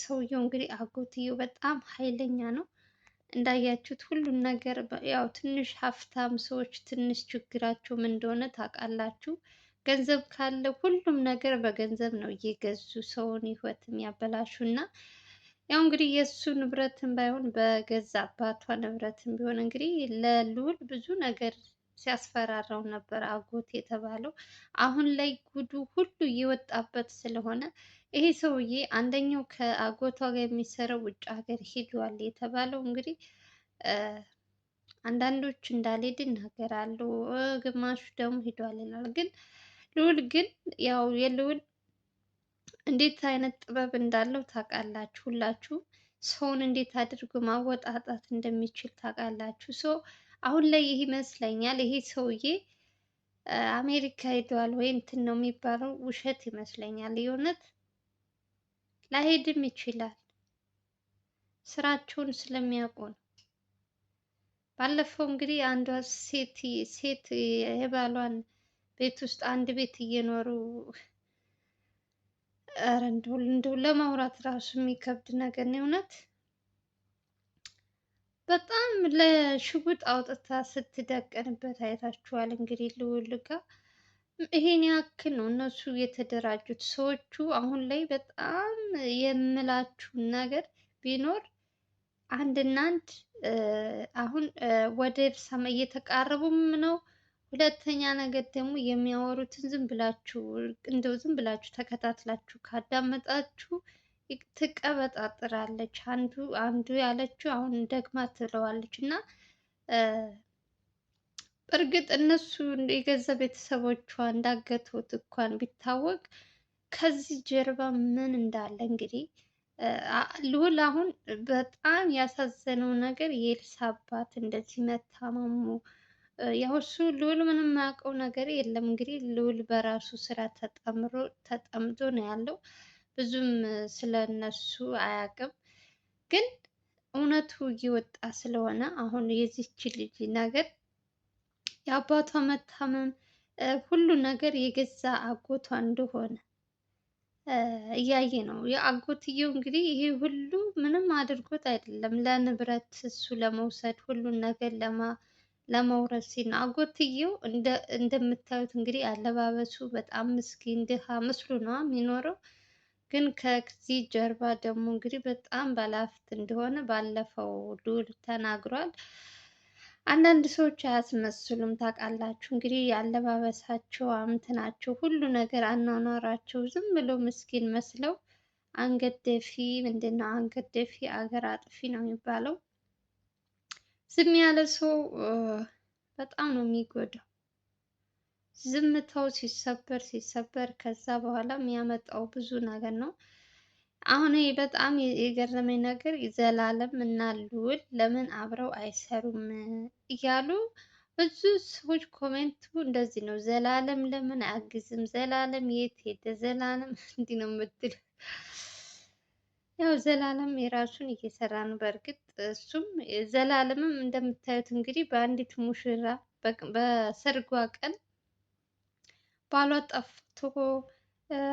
ሰውየው እንግዲህ አጎትየው በጣም ኃይለኛ ነው። እንዳያችሁት ሁሉን ነገር ያው ትንሽ ሀብታም ሰዎች ትንሽ ችግራቸው ምን እንደሆነ ታውቃላችሁ። ገንዘብ ካለ ሁሉም ነገር በገንዘብ ነው እየገዙ ሰውን ሕይወት የሚያበላሹ እና ያው እንግዲህ የእሱ ንብረትን ባይሆን በገዛ አባቷ ንብረትን ቢሆን እንግዲህ ለልዑል ብዙ ነገር ሲያስፈራራው ነበር አጎት የተባለው። አሁን ላይ ጉዱ ሁሉ እየወጣበት ስለሆነ ይሄ ሰውዬ አንደኛው ከአጎቷ ጋር የሚሰራው ውጭ ሀገር ሂዷል የተባለው እንግዲህ አንዳንዶች እንዳልሄድ ይናገራሉ፣ ግማሹ ደግሞ ሂዷል ይላል። ግን ልዑል ግን ያው የልዑል እንዴት አይነት ጥበብ እንዳለው ታውቃላችሁ ሁላችሁም ሰውን እንዴት አድርጎ ማወጣጣት እንደሚችል ታውቃላችሁ። ሰው አሁን ላይ ይህ ይመስለኛል ይሄ ሰውዬ አሜሪካ ሄደዋል ወይ እንትን ነው የሚባለው። ውሸት ይመስለኛል። የእውነት ላይሄድም ይችላል። ስራቸውን ስለሚያውቁ ነው። ባለፈው እንግዲህ አንዷ ሴት ሴት የባሏን ቤት ውስጥ አንድ ቤት እየኖሩ ኧረ እንደው ለማውራት ራሱ የሚከብድ ነገር ነው እውነት። በጣም ለሽጉጥ አውጥታ ስትደቀንበት አይታችኋል። እንግዲህ ልውልጋ ጋር ይሄን ያክል ነው እነሱ የተደራጁት ሰዎቹ። አሁን ላይ በጣም የምላችሁ ነገር ቢኖር አንድ አንድ አሁን ወደ ሰማይ እየተቃረቡም ነው። ሁለተኛ ነገር ደግሞ የሚያወሩትን ዝም ብላችሁ እንደው ዝም ብላችሁ ተከታትላችሁ ካዳመጣችሁ ትቀበጣጥራለች። አንዱ አንዱ ያለችው አሁን ደግማ ትለዋለች እና እርግጥ እነሱ የገዛ ቤተሰቦቿ እንዳገቱት እንኳን ቢታወቅ ከዚህ ጀርባ ምን እንዳለ እንግዲህ ልዑል አሁን በጣም ያሳዘነው ነገር የኤልሳ አባት እንደዚህ መታመሙ፣ ያው እሱ ልዑል ምንም የማያውቀው ነገር የለም። እንግዲህ ልውል በራሱ ስራ ተጠምሮ ተጠምዶ ነው ያለው። ብዙም ስለነሱ አያውቅም። ግን እውነቱ እየወጣ ስለሆነ አሁን የዚች ልጅ ነገር የአባቷ መታመም ሁሉ ነገር የገዛ አጎቷ እንደሆነ እያየ ነው። የአጎትየው እንግዲህ ይሄ ሁሉ ምንም አድርጎት አይደለም፣ ለንብረት እሱ ለመውሰድ ሁሉን ነገር ለመውረስ ሲል ነው። አጎትየው እንደምታዩት እንግዲህ አለባበሱ በጣም ምስኪን ድሃ ምስሉ ነዋ የሚኖረው። ግን ከዚህ ጀርባ ደግሞ እንግዲህ በጣም ባለሀብት እንደሆነ ባለፈው ዱል ተናግሯል። አንዳንድ ሰዎች አያስመስሉም ታውቃላችሁ። እንግዲህ ያለባበሳቸው አምትናቸው ሁሉ ነገር አኗኗራቸው ዝም ብሎ ምስኪን መስለው አንገት ደፊ ምንድን ነው አንገት ደፊ አገር አጥፊ ነው የሚባለው። ዝም ያለ ሰው በጣም ነው የሚጎዳው። ዝምታው ሲሰበር ሲሰበር ከዛ በኋላ የሚያመጣው ብዙ ነገር ነው። አሁን በጣም የገረመኝ ነገር ዘላለም እና ልዑል ለምን አብረው አይሰሩም እያሉ ብዙ ሰዎች ኮሜንቱ እንደዚህ ነው። ዘላለም ለምን አያግዝም? ዘላለም የት ሄደ? ዘላለም እንዲህ ነው የምትል ያው ዘላለም የራሱን እየሰራ ነው። በእርግጥ እሱም ዘላለምም እንደምታዩት እንግዲህ በአንዲት ሙሽራ በሰርጓ ቀን ባሏ ጠፍቶ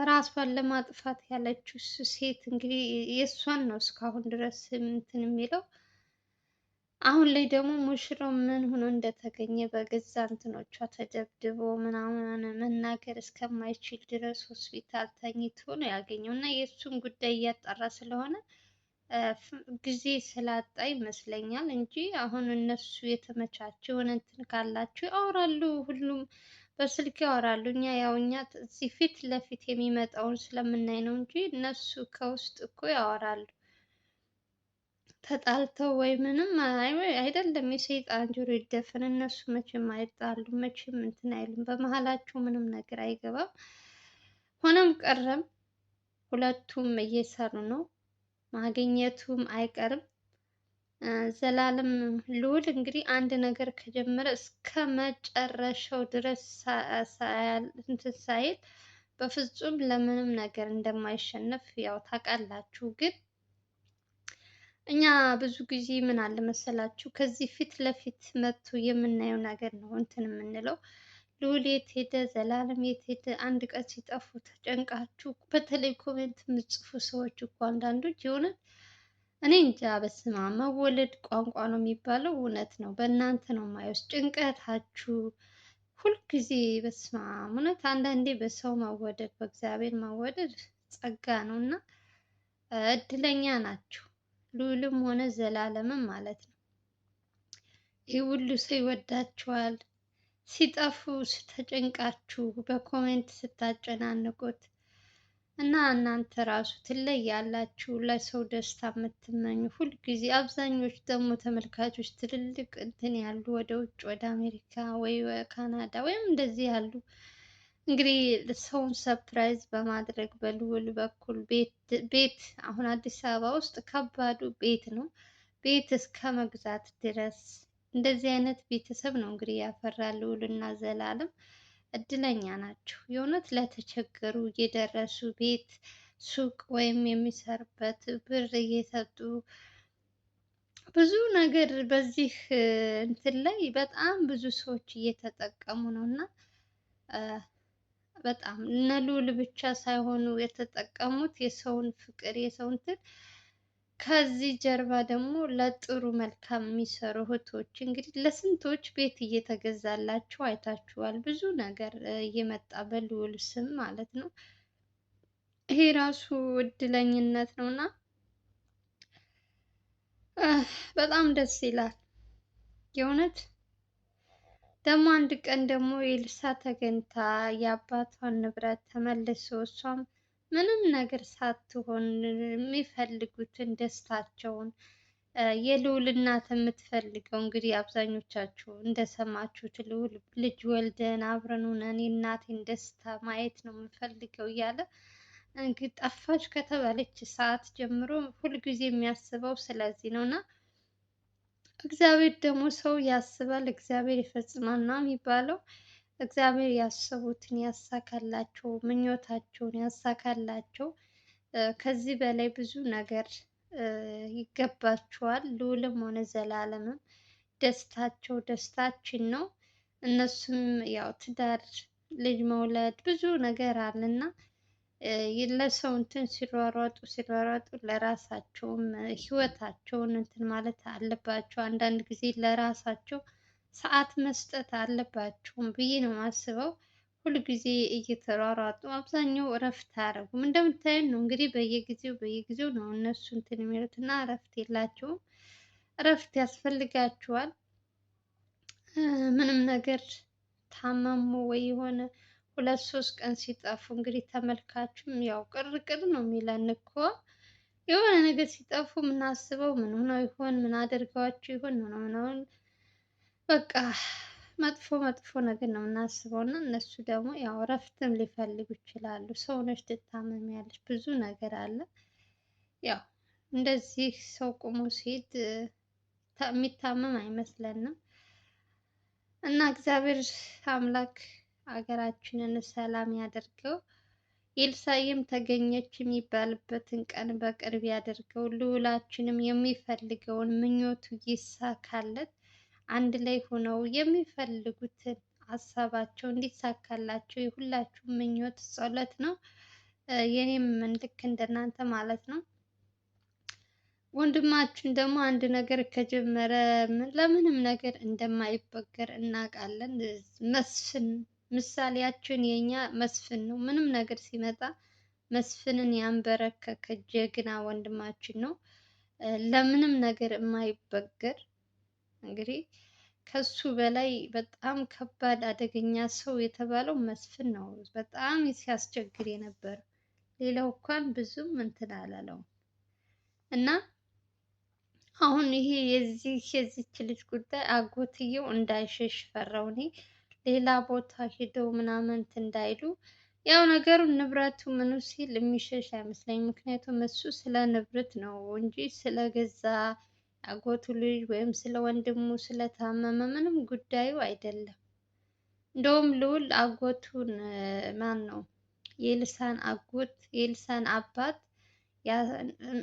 ራሷን ለማጥፋት ያለችው ሴት እንግዲህ የእሷን ነው እስካሁን ድረስ እንትን የሚለው። አሁን ላይ ደግሞ ሙሽራው ምን ሆኖ እንደተገኘ በገዛ እንትኖቿ ተደብድቦ ምናምን መናገር እስከማይችል ድረስ ሆስፒታል ተኝቶ ነው ያገኘው እና የእሱን ጉዳይ እያጣራ ስለሆነ ጊዜ ስላጣ ይመስለኛል እንጂ አሁን እነሱ የተመቻቸውን እንትን ካላቸው ያወራሉ ሁሉም በስልክ ያወራሉ። እኛ ያው እኛ እዚህ ፊት ለፊት የሚመጣውን ስለምናይ ነው እንጂ እነሱ ከውስጥ እኮ ያወራሉ። ተጣልተው ወይ ምንም አይደለም። የሰይጣን ጆሮ ይደፈን። እነሱ መቼም አይጣሉ መቼም እንትን አይሉም። በመሀላቸው ምንም ነገር አይገባም። ሆነም ቀረም ሁለቱም እየሰሩ ነው። ማግኘቱም አይቀርም። ዘላለም ልዑል እንግዲህ አንድ ነገር ከጀመረ እስከ መጨረሻው ድረስ እንትን ሳይል በፍጹም ለምንም ነገር እንደማይሸነፍ ያው ታውቃላችሁ። ግን እኛ ብዙ ጊዜ ምን አለ መሰላችሁ ከዚህ ፊት ለፊት መጥቶ የምናየው ነገር ነው እንትን የምንለው ልዑል የት ሄደ፣ ዘላለም የት ሄደ፣ አንድ ቀን ሲጠፉ ተጨንቃችሁ፣ በተለይ ኮሜንት የምትጽፉ ሰዎች እኮ አንዳንዶች የሆነ እኔ እንጃ በስማ መወለድ ቋንቋ ነው የሚባለው። እውነት ነው። በእናንተ ነው የማየውስ ጭንቀታችሁ ሁልጊዜ በስማ እውነት። አንዳንዴ በሰው መወደድ በእግዚአብሔር መወደድ ጸጋ ነው እና እድለኛ ናችሁ። ልዑልም ሆነ ዘላለምም ማለት ነው። ይህ ሁሉ ሰው ይወዳችኋል። ሲጠፉ ስተጨንቃችሁ በኮሜንት ስታጨናንቁት እና እናንተ ራሱ ትለያላችሁ። ለሰው ደስታ የምትመኙ ሁልጊዜ አብዛኞቹ ደግሞ ተመልካቾች ትልልቅ እንትን ያሉ ወደ ውጭ ወደ አሜሪካ ወይ ካናዳ ወይም እንደዚህ ያሉ እንግዲህ ሰውን ሰርፕራይዝ በማድረግ በልውል በኩል ቤት አሁን አዲስ አበባ ውስጥ ከባዱ ቤት ነው። ቤት እስከ መግዛት ድረስ እንደዚህ አይነት ቤተሰብ ነው እንግዲህ ያፈራ ልውልና እና ዘላለም እድለኛ ናቸው። የእውነት ለተቸገሩ የደረሱ ቤት፣ ሱቅ ወይም የሚሰሩበት ብር እየሰጡ ብዙ ነገር በዚህ እንትን ላይ በጣም ብዙ ሰዎች እየተጠቀሙ ነው እና በጣም እነ ልዑል ብቻ ሳይሆኑ የተጠቀሙት የሰውን ፍቅር የሰውን እንትን ከዚህ ጀርባ ደግሞ ለጥሩ መልካም የሚሰሩ እህቶች እንግዲህ ለስንቶች ቤት እየተገዛላቸው አይታችኋል። ብዙ ነገር እየመጣ በልዑል ስም ማለት ነው። ይሄ ራሱ እድለኝነት ነው እና በጣም ደስ ይላል የእውነት። ደግሞ አንድ ቀን ደግሞ ኤልሳ ተገኝታ የአባቷን ንብረት ተመልሶ እሷም ምንም ነገር ሳትሆን የሚፈልጉትን ደስታቸውን የልዑል እናት የምትፈልገው እንግዲህ አብዛኞቻችሁ እንደሰማችሁት ልዑል ልጅ ወልደን አብረን ሆነን የእናቴን ደስታ ማየት ነው የምፈልገው እያለ እንግዲህ ጠፋች ከተባለች ሰዓት ጀምሮ ሁልጊዜ የሚያስበው ስለዚህ ነው እና እግዚአብሔር ደግሞ ሰው ያስባል፣ እግዚአብሔር ይፈጽማል ነው የሚባለው። እግዚአብሔር ያሰቡትን ያሳካላቸው፣ ምኞታቸውን ያሳካላቸው። ከዚህ በላይ ብዙ ነገር ይገባቸዋል። ልዑልም ሆነ ዘላለምም ደስታቸው ደስታችን ነው። እነሱም ያው ትዳር፣ ልጅ መውለድ ብዙ ነገር አለና ለሰው እንትን ሲሯሯጡ ሲሯሯጡ ለራሳቸውም ህይወታቸውን እንትን ማለት አለባቸው። አንዳንድ ጊዜ ለራሳቸው ሰዓት መስጠት አለባቸውም ብዬ ነው የማስበው። ሁልጊዜ እየተሯሯጡ አብዛኛው እረፍት አያደርጉም። እንደምታዩን ነው እንግዲህ በየጊዜው በየጊዜው ነው እነሱ እንትን የሚሉት እና እረፍት የላቸውም። እረፍት ያስፈልጋቸዋል። ምንም ነገር ታመሙ ወይ የሆነ ሁለት ሶስት ቀን ሲጠፉ እንግዲህ ተመልካችም ያው ቅርቅር ነው የሚለን እኮ የሆነ ነገር ሲጠፉ ምናስበው ምን ሆነው ይሆን ምን አድርገዋቸው ይሆን ነው በቃ መጥፎ መጥፎ ነገር ነው የምናስበው እና እነሱ ደግሞ ያው እረፍትም ሊፈልጉ ይችላሉ። ሰውነች ትታመሚያለች፣ ብዙ ነገር አለ። ያው እንደዚህ ሰው ቁሞ ሲሄድ የሚታመም አይመስለንም እና እግዚአብሔር አምላክ ሀገራችንን ሰላም ያደርገው። ኤልሳዬም ተገኘች የሚባልበትን ቀን በቅርብ ያደርገው። ልዑላችንም የሚፈልገውን ምኞቱ ይሳካለት። አንድ ላይ ሆነው የሚፈልጉትን ሀሳባቸው እንዲሳካላቸው የሁላችሁ ምኞት ጸሎት ነው። የኔም ልክ እንደናንተ ማለት ነው። ወንድማችን ደግሞ አንድ ነገር ከጀመረ ለምንም ነገር እንደማይበገር እናውቃለን። መስፍን ምሳሌያችን የኛ መስፍን ነው። ምንም ነገር ሲመጣ መስፍንን ያንበረከከ ጀግና ወንድማችን ነው። ለምንም ነገር የማይበገር እንግዲህ ከሱ በላይ በጣም ከባድ አደገኛ ሰው የተባለው መስፍን ነው። በጣም ሲያስቸግር የነበረ ሌላው እንኳን ብዙም እንትን አላለውም። እና አሁን ይሄ የዚህ የዚች ልጅ ጉዳይ አጎትየው እንዳይሸሽ ፈራው። እኔ ሌላ ቦታ ሄደው ምናምንት እንዳይሉ ያው ነገሩ ንብረቱ ምኑ ሲል የሚሸሽ አይመስለኝም። ምክንያቱም እሱ ስለ ንብረት ነው እንጂ ስለገዛ አጎቱ ልጅ ወይም ስለ ወንድሙ ስለታመመ ምንም ጉዳዩ አይደለም። እንደውም ልዑል አጎቱን ማን ነው የልሳን አጎት የልሳን አባት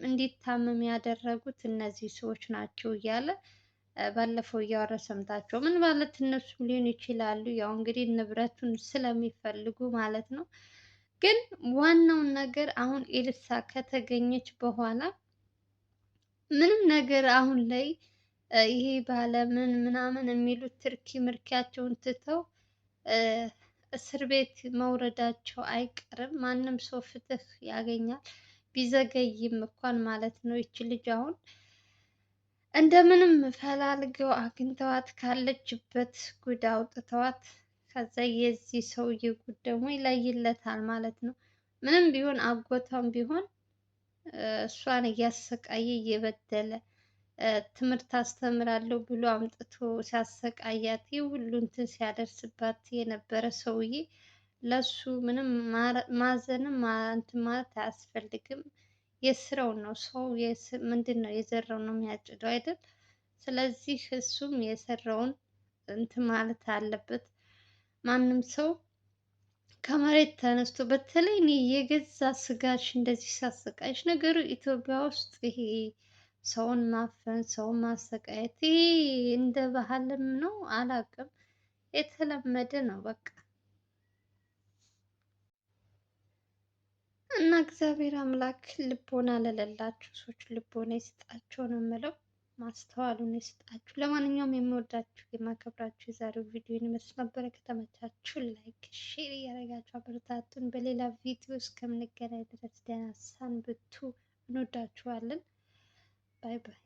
እንዲታመም ያደረጉት እነዚህ ሰዎች ናቸው እያለ ባለፈው እያወረ ሰምታቸው ምን ማለት እነሱም ሊሆን ይችላሉ። ያው እንግዲህ ንብረቱን ስለሚፈልጉ ማለት ነው። ግን ዋናውን ነገር አሁን ኤልሳ ከተገኘች በኋላ ምንም ነገር አሁን ላይ ይሄ ባለምን ምናምን የሚሉት ትርኪ ምርኪያቸውን ትተው እስር ቤት መውረዳቸው አይቀርም። ማንም ሰው ፍትህ ያገኛል ቢዘገይም እንኳን ማለት ነው። ይቺ ልጅ አሁን እንደምንም ፈላልገው አግኝተዋት ካለችበት ጉድ አውጥተዋት ከዛ የዚህ ሰውዬ ጉድ ደግሞ ይለይለታል ማለት ነው። ምንም ቢሆን አጎቷም ቢሆን እሷን እያሰቃየ እየበደለ ትምህርት አስተምራለሁ ብሎ አምጥቶ ሲያሰቃያት ሁሉ እንትን ሲያደርስባት የነበረ ሰውዬ ለሱ ምንም ማዘንም እንትን ማለት አያስፈልግም። የስራውን ነው ሰው ምንድን ነው የዘራው ነው የሚያጭደው አይደል? ስለዚህ እሱም የሰራውን እንትን ማለት አለበት። ማንም ሰው ከመሬት ተነስቶ በተለይ እኔ የገዛ ስጋሽ እንደዚህ ሳሰቃይሽ ነገሩ ኢትዮጵያ ውስጥ ይሄ ሰውን ማፈን ሰውን ማሰቃየት ይሄ እንደ ባህልም ነው አላውቅም፣ የተለመደ ነው በቃ እና እግዚአብሔር አምላክ ልቦና ለሌላቸው ሰዎች ልቦና ይስጣቸው ነው የምለው። ማስተዋሉን ይስጣችሁ። ለማንኛውም የምወዳችሁ የማከብራችሁ የዛሬው ቪዲዮ ይመስል ነበረ። ከተመቻችሁ ላይክ፣ ሼር እያደረጋችሁ አበረታቱን። በሌላ ቪዲዮ እስከምንገናኝ ድረስ ደህና ሰንብቱ። እንወዳችኋለን። ባይ ባይ።